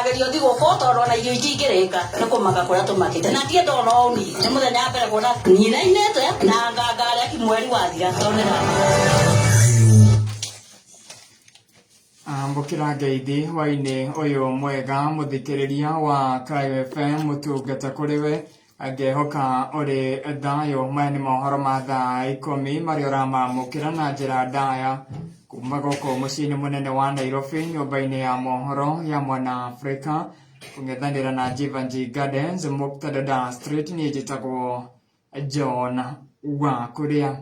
ndiragerio thigũkũ tondũ na irio ingĩ ingĩrĩka nĩ kũmaka kũrĩa tũmakĩte na tie ndona ũũ ni nĩ mũthenya wa mbere kuona ni na ngangarĩa ki mweri wa wathira tondũ ambũkĩra ah, ngeithi hwaĩ-inĩ ũyũ mwega mũthikĩrĩria wa Kayo FM mũtungata kũrĩ we angehoka uri thayo maya mohoro ma thaa ikumi maria uramamukira na njira ndaya kuma goko muciini munene wa Nairobi nyumba-ini ya mohoro ya mwana Afrika kung'ethanira na Jivanji Gardens Muktadada Street ni njitagwo John eh, wa kuria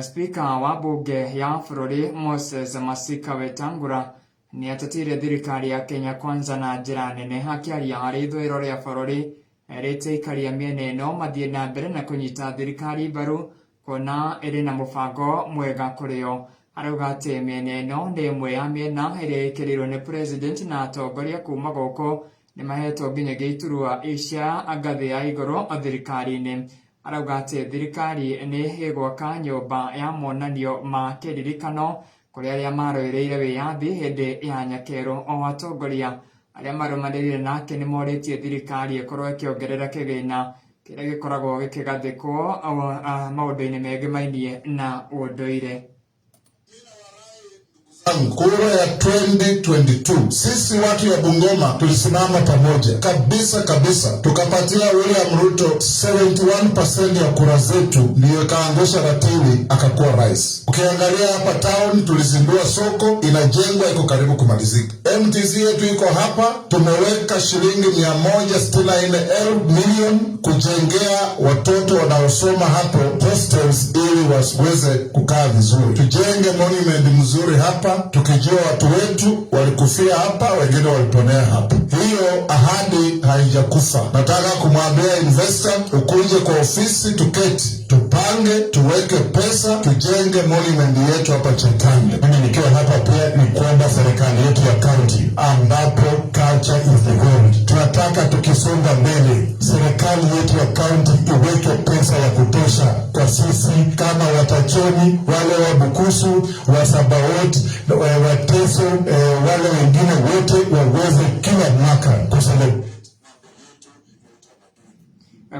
Spika wa bunge ya bururi Moses Masika Wetangura ni atetire thirikari ya Kenya Kwanza na njira nene akiaria harĩ ithũĩro rĩa bururi erĩte aikari a mĩena ĩno mathiĩ na mbere na kũnyita thirikari mbaru kuona ĩrĩ na mũbango mwega kũrĩ o. Arauga atĩ mĩena ĩno nĩ ĩmwe ya mĩena ĩrĩa ĩkĩrĩirwo nĩ president na atongoria kuuma gũkũ nĩ mahetwo nginyagia iturwa cia ngathĩ ya igũrũ thirikari-inĩ. Arauga atĩ thirikari nĩ ĩgwaka nyũmba ya monanio ma kĩririkano kũrĩ arĩa marũĩrĩire wĩyathi hĩndĩ ya nyakerũ o atongoria arĩa marũmanĩrĩire nake nĩ morĩtie thirikari ĩkorwo ĩkĩongerera kĩgĩna kĩrĩa gĩkoragwo gĩkĩgathĩkwo maũndũ-inĩ mengĩ mainie na ũndũire kura ya 2022 sisi watu ya Bungoma tulisimama pamoja kabisa kabisa, tukapatia William Ruto 71% ya kura zetu, ndiyo ikaangusha ratili akakuwa rais. Ukiangalia hapa town tulizindua soko inajengwa, iko karibu kumalizika. MTC yetu iko hapa, tumeweka shilingi mia moja sitini na nne milioni kujengea watoto wanaosoma hapo hostels ili wasiweze kukaa vizuri. Tujenge monument mzuri hapa, tukijua watu wetu walikufia hapa, wengine waliponea hapa. Hiyo ahadi haijakufa. Nataka kumwambia investor, ukuje kwa ofisi tuketi tupange, tuweke pesa, tujenge monument yetu hapa Chakande. Mimi nikiwa hapa pia ni kuomba serikali yetu ya kaunti, ambapo culture is the gold. Tunataka tukisonga mbele, serikali yetu ya kaunti iweke pesa ya kutosha kwa sisi kama Watachoni, wale wa Bukusu, Wasabaot, eh, Wateso, eh, wale wengine wote waweze kila mwaka kusele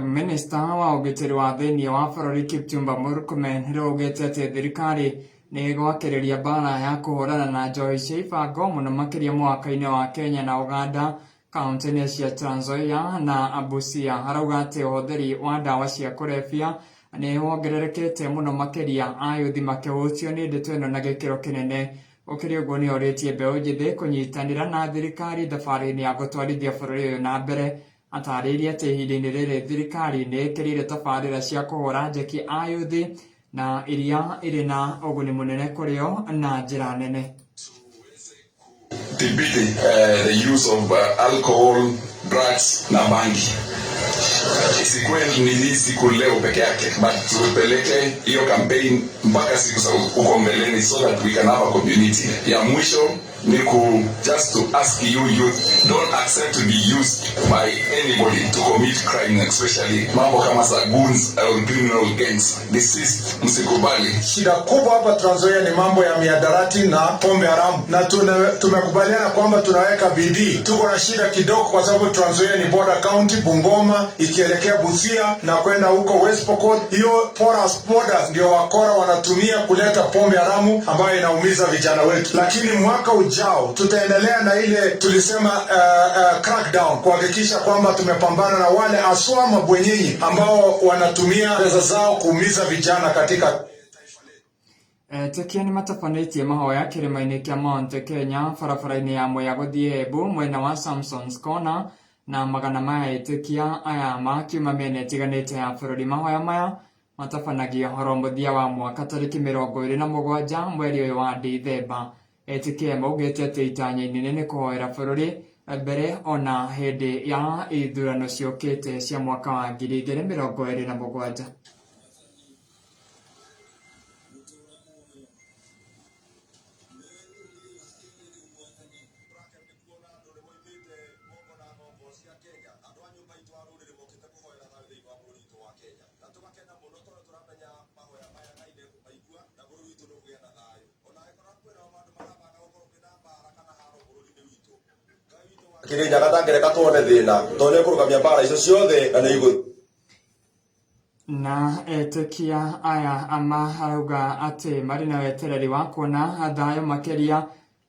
Minista wa ũgitĩri wa thĩinĩ wa bũrũri Kipchumba Murkomen rĩu atĩ thirikari nĩ ĩgwakĩrĩria mbaara ya kũhũrana na njohi cia ibango mũno makĩria mũhaka-inĩ wa Kenya na Uganda kauntĩ-inĩ cia na abusia Arauga atĩ ũhũthĩri wa ndawa cia kũrebia nĩ wongererekete mũno makĩria a yuthi makĩhutio nĩ ndeto ĩno na gĩkĩro kĩnene. Gũkĩrĩ ũguo nĩ orĩtie mbeũ njĩthĩ kũnyitanĩra na thirikari thabarĩ-inĩ ya gũtwarithia bũrũri ũyũ na mbere atarĩirie atĩ ihinda-inĩ rĩrĩ thirikari nĩ ĩkĩrĩire tabarĩra cia kũhũra njeki a na iria irĩ na ũguni mũnene kũrĩ o na njĩra nene Depicting uh, eh, the use of uh, alcohol, drugs na bangi. Isikweli ni siku leo peke yake, but tuipeleke hiyo campaign mpaka siku za uko mbeleni so that we can have a community. Ya mwisho ni ku just to ask you youth don't accept to be used by anybody to commit crime especially mambo kama za goons or uh, criminal gangs this is msikubali shida kubwa hapa Trans ni mambo ya miadarati na pombe haramu na tuna, tumekubaliana kwamba tunaweka bidii tuko na shida kidogo kwa sababu Trans ni border county Bungoma ikielekea Busia na kwenda huko West Pokot hiyo porous border ndio wakora wanatumia kuleta pombe haramu ambayo inaumiza vijana wetu lakini mwaka uji ujao tutaendelea na ile tulisema uh, uh, crackdown kuhakikisha kwamba tumepambana na wale aswa mabwenyenyi ambao wanatumia pesa zao kuumiza vijana katika eh, tukia ni matabanĩtie mahoya ya kĩrĩma-inĩ kĩa Mount Kenya barabara-inĩ ya Mwea gũthiĩ Embu mwena wa Samsons Corner na magana maya itukia aya ma kiuma mĩena ĩtiganĩte ya bũrũri mahoya maya matabanagio horo mũthia wa mwaka tarĩki mĩrongo ĩrĩ na mũgwanja mweri ũyũ wa Dithemba etĩkia maugĩte atĩ itanya inene nĩ kũhoera bũrũri mbere ona hĩndĩ ya ithurano ciũkĩte cia mwaka wa ngiri igĩrĩ mĩrongo ĩrĩ na mũgwanja akirinda gatangereka tuone thina tondu ekurugamia mbara icio ciothe na nä igå na etekia aya ama arauga ati mari na wetereri wa kuona thayo makiria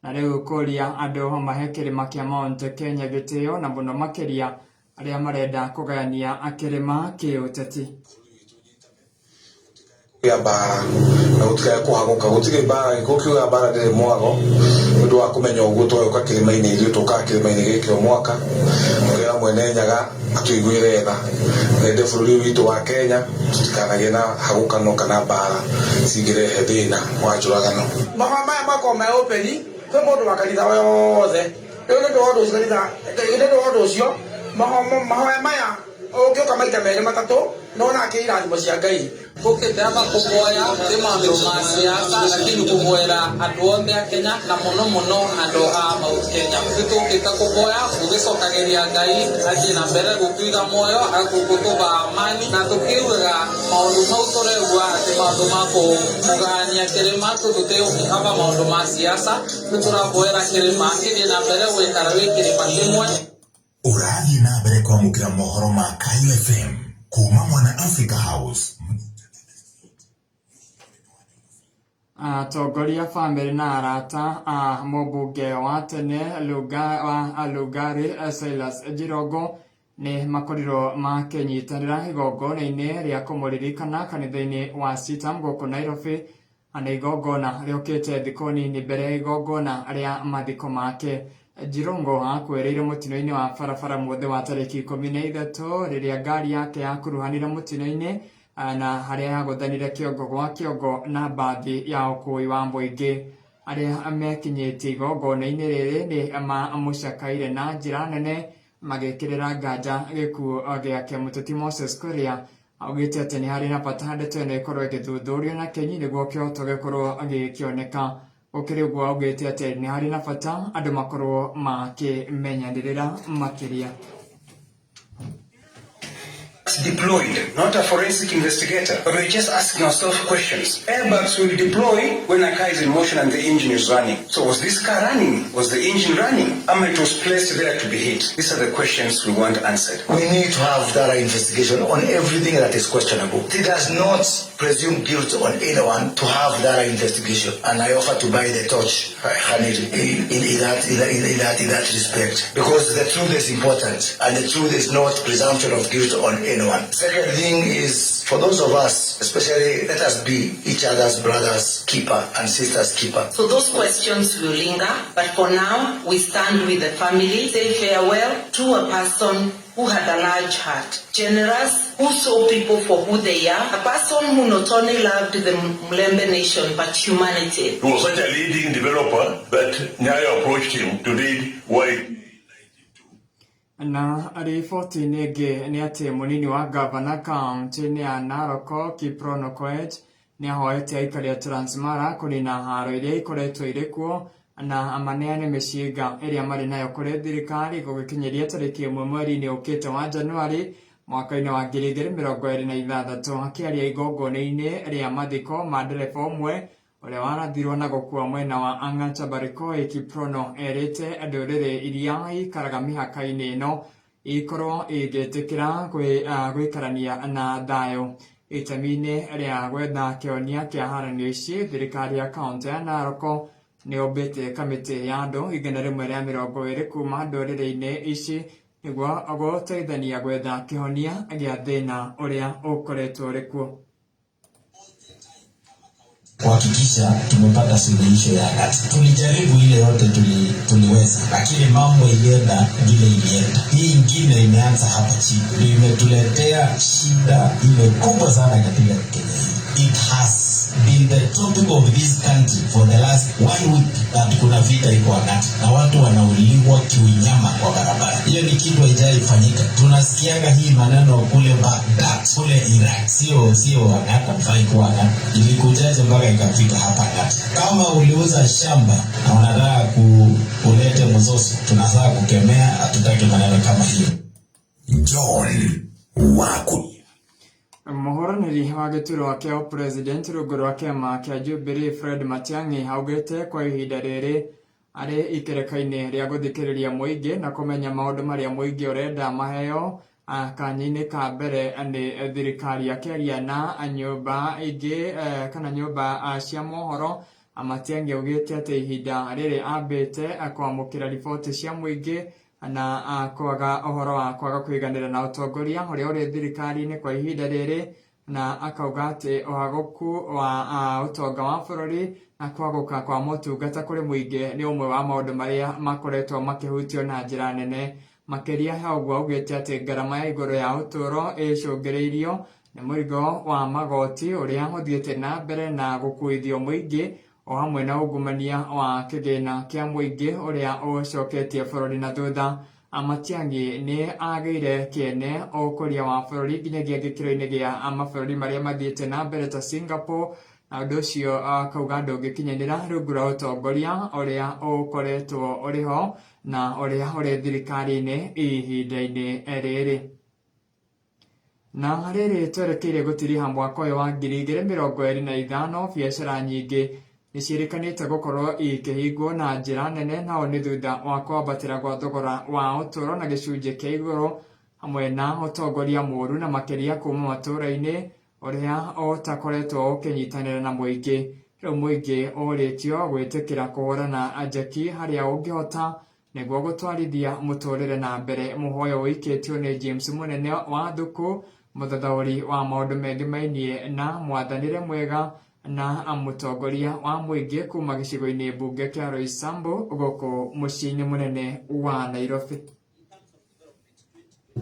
na rä u kå ria andå mahe kä rä kirima a Mount Kenya gä gitio na må no makä ria arä a marenda kå gayania akä rä ma kä å teti ya mbaara na gũtikage kũhagũka gũtirĩ mbaara gĩkuũ kiuga mbaara ndĩrĩ mwago nĩ ũndũ wa kũmenya ũguo twagĩũka kĩrĩma-inĩ ithuĩ tũkaga kĩrĩma-inĩ gĩkĩ o mwaka tũkĩra mwene nyaga atũiguĩre tha ende bũrũri witũ wa kenya tũtikanagie na hagũkano kana mbaara cingĩrehe thĩna wa njũragano mahũa maya makorwo me ũpeni kwĩ mũndũ wa kanitha yothe rĩu nĩ ndĩ ũndũ ũcio mahoya maya ũngĩũka maita merĩ matatũ nona akä irathimo cia ngai gũkĩtera makũboya nĩ maũndũ ma ciaca lakini kũboera andũ othe a kenya na mũno mũno andũ a mount kenya nĩtũkĩte kũboya gũgĩcokageria ngai athiĩ na mbere gũtũiga muoyo agũgũtũba mani na tũkiugaga maũndũ mau tũreua atĩ maũndũ ma kũgania kĩrĩma tũtũtĩũkĩhaba maũndũ ma ciaca nĩtũraboera kĩrĩma kĩthiĩ na mbere gwĩkara wĩ kĩrĩma kĩmwe ũrathi kwamukira mohoro ma Kayo FM kuma mwana Africa House atongoria uh, bamĩrĩ na arata a uh, mũmbunge wa tene wa Lugari uh, Silas Jirongo nĩ makorirwo makĩnyitanĩra igongona-inĩ rĩa kũmũririkana kanitha-inĩ wa Sitam gũkũ Nairobi na igongona rĩũkĩte thikũ nini mbere ya igongona rĩa mathiko make Jirongo akuereire mutino-ini wa barabara mwothe wa tariki ikumi na ithatu riria ngari yake yakuruhanire mutino-ini ah, na haria yaguthanire kiongo gwa kiongo na mbathi ya ukui wa muingi aria mekinyitie igongona-ini riri ni mamucakaire na njira nene magikirira nganja gikuo giake muteti Moses Kuria augite ati ni hari na bata ndeto ino ikorwo igithuthurio na Kinyi niguo kiohoto gikorwo gikioneka gukiri uguo augite ati ni harĩ na bata andũ makorwo makĩmenyanĩrĩra makĩria deployed, not a forensic investigator. But we're just asking ourselves questions. Airbags will deploy when a car is in motion and the engine is running. So was this car running? Was the engine running? I mean, it was placed there to be hit. These are the questions we want answered. We need to have thorough investigation on everything that is questionable. It does not presume guilt on anyone to have thorough investigation. And I offer to buy the torch, in, in, in, that, in, in, that, in that respect. Because the truth is important, and the truth is not presumption of guilt on anyone human. Second thing is for those of us, especially let us be each other's brothers keeper and sisters keeper. So those questions will linger, but for now we stand with the family, say farewell to a person who had a large heart, generous, who saw people for who they are, a person who not only loved the Mlembe nation but humanity. He was such a leading developer that Nyayo approached him to lead why Na riboti -e ĩngĩ nĩ atĩ mũnini wa gavana kaũntĩ-inĩ ya Narok Kiprono Koech ni ahoete aikari a Transmara kũnina haro iria ikoretwo irĩ kuo na amaneane mĩcinga ĩrĩa marĩ nayo kũrĩ thirikari gũgĩkinyĩria tarĩki ĩmwe mweri-inĩ ũkĩte wa Januari mwaka-inĩ wa ngiri igĩrĩ mĩrongo ĩrĩ na ithathatũ akĩaria igongona-inĩ rĩa mathiko ma ndereba ũmwe ũrĩa warathirwo na gũkua mwena wa Ang'ata Barikoi Kiprono erĩte ndũrĩrĩ iria ikaraga mĩhaka-inĩ ĩno ikorwo igĩtĩkĩra gwĩkarania na thayũ itemi-inĩ rĩa gwetha kĩhonia kĩa haranio ici thirikari ya kaunti ya Narok nĩyũmbĩte kamĩtĩ ya andũ igana rĩmwe rĩa mĩrongo ĩrĩ kuma ndũrĩrĩ-inĩ ici nĩguo gũteithania gwetha kĩhonia gĩa thĩna ũrĩa ũkoretwo ũrĩ kuo kuhakikisha tumepata suluhisho ya kati. Tulijaribu ile yote tuli, tuliweza, lakini mambo ilienda vile ilienda. Hii ingine imeanza hapa chini, imetuletea shida ile kubwa sana katika Kenya. It has been the topic of this country for the last one week that kuna vita iko wakati na watu wanauliwa kiunyama kwa barabara. Hiyo ni kitu haijaifanyika. tunasikiaga hii maneno kule Baghdad, kule Iraq, sio sio wakati mfai kwa wakati. Ilikujaje mpaka ikafika hapa kati? Kama uliuza shamba na unataka ku, kulete mzozo, tunataka kukemea, hatutaki maneno kama hiyo. John Wakuti. Mũhũranĩri wa gĩturwa o president rungu rwa kĩama kia Jubilee Fred Matiang'i augĩte kwa ihinda rĩrĩ arĩ ikereka-inĩ rĩa gũthikĩrĩria mũingĩ na kũmenya maũndũ marĩa mũingĩ ũrenda maheo kanya-inĩ ka mbere nĩ thirikari akĩaria na nyũmba ingĩ e, kana nyũmba cia mohoro Matiang'i augĩte atĩ ihinda rĩrĩ ambĩte kwamũkĩra riboti cia mũingĩ na kwaga uhoro wa kwaga kwiganira na utongoria uria uri thirikari-ini kwa ihinda riri na akauga ati uhaguku wa utonga wa bururi na kwaguka kwa motungata kuri muingi ni umwe wa maundu maria makoretwo makihutio na njira nene makiria ha uguo augite ati ngarama ya iguru ya uturo icungiriirio ni murigo wa magoti uria uthiite na mbere na gukuithio muingi o hamwe na ungumania wa kĩgĩna kĩa mũingĩ ũrĩa ũcoketie bũrũri na thutha Matiang'i nĩ agĩire kĩene ũkũria wa bũrũri nginyagia gĩkĩro-inĩ gĩa mabũrũri maria mathiĩte na mbere ta Singapore na ũndũ ũcio akauga ndũngĩkinyanĩra rungu rwa ũtongoria ũrĩa ũkoretwo ũrĩ ho na ũrĩa ũrĩ thirikari-inĩ ihinda-inĩ rĩrĩ na rĩrĩ twerekeire gũtiriha mwaka ũyũ wa ngiri igĩrĩ mĩrongo ĩrĩ na ithano biacara nyingĩ nĩ ciĩrĩkanĩte gũkorwo ikĩhingwo na njĩra nene nao nĩ thutha wa kwambatĩra gwa thogora wa ũtũũro na gĩcunjĩ kĩa igũrũ hamwe na ũtongoria mũũru na makĩria kuma matũũra-inĩ ũrĩa ũtakoretwo ũkĩnyitanĩra na mũingĩ rĩu mũingĩ ũrĩtio gwĩtĩkĩra kũhũrana njeki harĩa ũngĩhota nĩguo gũtwarithia mũtũũrĩre na mbere mũhoyo ũikĩtio nĩ James Mũnene wa Thuku mũthathaũri wa maũndũ mainie na mwathanĩre mwega na mũtongoria wa mũingĩ kuuma gĩcigo-inĩ mbunge kĩa Roysambu gũkũ mũciĩ-inĩ mũnene wa Nairobi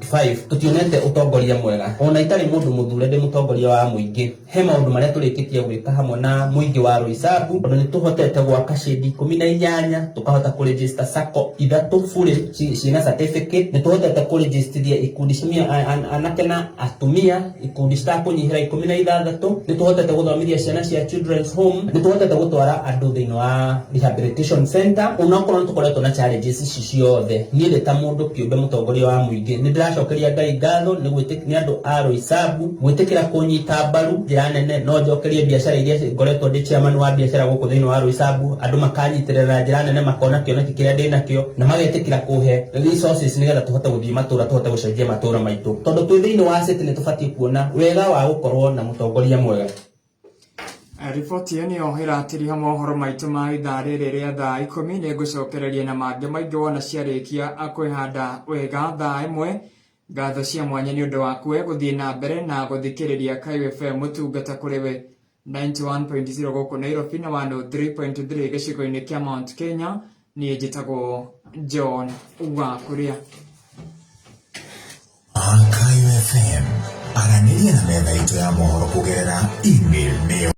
5 tutionete utongoria mwega ona itari mundu muthure ndi mutongoria wa muingi he maundu maria turikitie gwika hamwe na muingi wa Roysambu ona ni tuhotete gwaka shedi 18 tukahota ku register sacco ithatu bure ciina certificate ni tuhotete ku registrithia ikundi cia anake na atumia ikundi citakunyihira ikumi na ithathatu ni tuhotete guthomithia ciana cia children's home ni tuhotete gutwara andu thiini wa rehabilitation center onakorwo ni tukoretwo na challenges ici ciothe niĩ ndĩ ta mundu kiumbe mutongoria wa muingi ndĩracokeria Ngai ngatho nĩ gwĩtĩkia andũ a Roysambu gwĩtĩkĩra kũnyita mbaru njĩra nene no njokerie biacara iria ngoretwo ndĩ chairman wa biacara gũkũ thĩinĩ wa Roysambu andũ makanyitĩrĩra njĩra nene makona kĩoneki kĩrĩa ndĩ nakĩo na magetĩkĩra kũhe resources nĩgetha tũhote gũthiĩ matura tũhote gũcenjia matura maitũ tondũ twĩ thĩinĩ wa city ni tũbatiĩ kuona wega wa gũkorwo na mũtongoria mwega riboti ĩyo nĩyo ĩratĩriha mohoro maitũ ma ithaa rĩrĩ rĩa thaa ikũmi nĩ ngũcokereria na mangĩ maingĩ wona ciarĩkia kwĩhanda wega thaa ĩmwe ngatho cia mwanya nĩ ũndũ waku we gũthiĩ na mbere na gũthikĩrĩria Kayo FM ũtungata kũrĩ we 91.0 gũkũ Nairobi na 103.3 gĩcigo-inĩ kĩa Mount Kenya niĩ njĩtagwo John wa kũrĩa Kayo FM aranĩria na metha itũ ya mohoro kũgerera email nĩyo